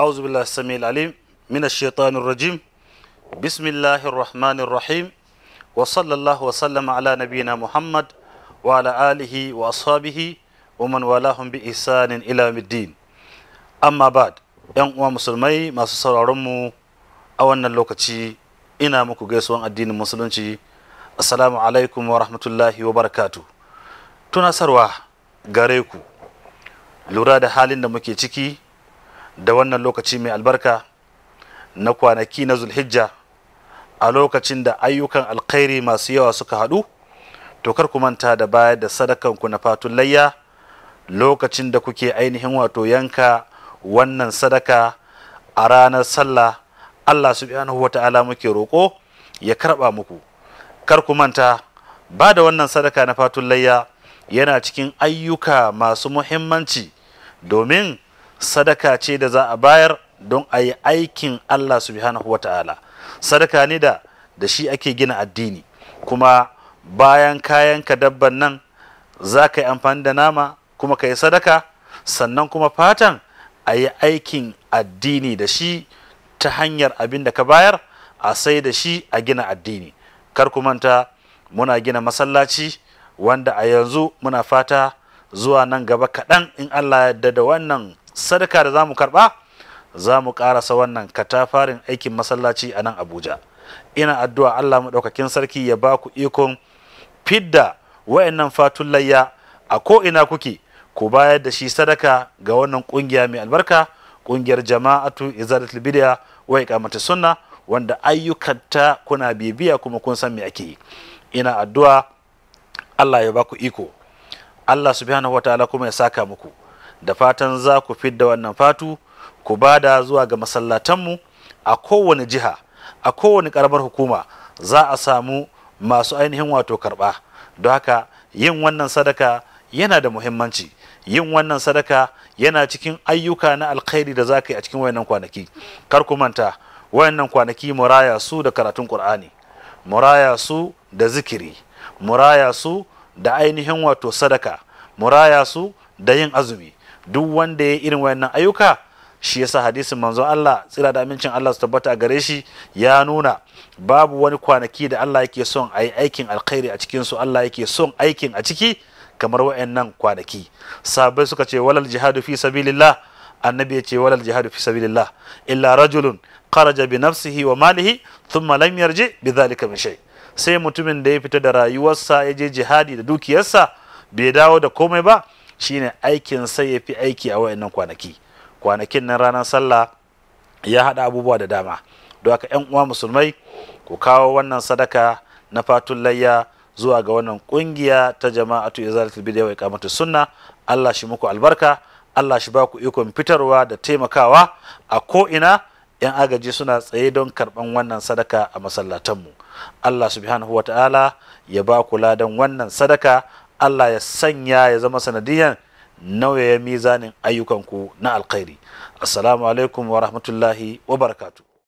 أعوذ بالله السميع العليم من الشيطان الرجيم بسم الله الرحمن الرحيم وصلى الله وسلم على نبينا محمد وعلى آله وأصحابه ومن والاهم بإحسان إلى يوم الدين أما بعد ‘yan uwa musulmai masu sauraronmu a wannan lokaci ina muku gaisuwan addinin musulunci assalamu alaikum wa rahmatullahi wa barakatu tunasarwa gare ku lura da halin da muke ciki da wannan lokaci mai albarka na kwanaki na zulhijja a lokacin da ayyukan alkhairi masu yawa suka haɗu to kar ku manta da bayar da sadakanku na fatun layya lokacin da kuke ainihin wato yanka wannan sadaka a ranar sallah Allah subhanahu wata'ala muke roƙo ya karɓa muku kar ku manta ba da wannan sadaka na fatun layya yana cikin ayyuka masu muhimmanci domin sadaka ce da za a bayar don a yi aikin Allah subhanahu wa ta'ala sadaka ne da da shi ake gina addini kuma bayan kayan ka dabban nan za ka yi amfani da nama kuma ka yi sadaka sannan kuma fatan a yi aikin addini da shi ta hanyar abin da ka bayar a sai da shi a gina addini kar ku manta muna gina masallaci wanda a yanzu muna fata zuwa nan gaba kaɗan in Allah yadda da wannan sadaka da za mu karɓa za mu ƙarasa wannan katafarin aikin masallaci a nan abuja ina addu'a allah maɗaukakin sarki ya ba ku ikon fidda wa'annan fatun layya a ko ina kuke ku bayar da shi sadaka ga wannan ƙungiya mai albarka ƙungiyar jama'atu izalatul bid'a wa iqamati sunna wanda ayyukanta kuna bibiya kuma kun san me ake yi ina addu'a allah ya ba ku iko allah subhanahu wataala kuma ya saka muku da fatan za ku fidda wannan fatu ku bada zuwa ga masallatanmu a kowane jiha a kowane karamar hukuma za a samu masu ainihin wato karɓa don haka yin wannan sadaka yana da muhimmanci yin wannan sadaka yana cikin ayyuka na alkhairi da za ka yi a cikin wayannan kwanaki kar ku manta wayannan kwanaki muraya su da karatun qur'ani muraya su da zikiri muraya su da ainihin wato sadaka muraya su da yin azumi duk wanda ya irin wayannan ayyuka shi yasa hadisin manzon Allah tsira da amincin Allah su tabbata a gare shi ya nuna babu wani kwanaki da Allah yake son a yi aikin alkhairi a cikin su Allah yake son aikin a ciki kamar wayannan kwanaki sabai suka ce walal jihadu fi sabilillah annabi ya ce walal jihadu fi sabilillah illa rajulun kharaja bi nafsihi wa malihi thumma lam yarji bi dhalika min shay sai mutumin da ya fita da rayuwarsa ya je jihadi da dukiyarsa bai dawo da komai ba shine aikin sai ya fi aiki a wayannan kwanaki kwanakin nan ranar sallah ya haɗa abubuwa da dama don haka yan uwa musulmai ku kawo wannan sadaka na fatun layya zuwa ga wannan kungiya ta jama'atu izalatul bid'a wa iqamatu sunna Allah shi muku albarka Allah shi ba ku ikon fitarwa da taimakawa a ko ina yan agaji suna tsaye don karban wannan sadaka a masallatanmu Allah subhanahu wa ta'ala ya ba ku ladan wannan sadaka Allah ya sanya ya zama sanadiyan nauyayen mizanin ayyukanku na alkhairi assalamu alaikum wa rahmatullahi wa barakatu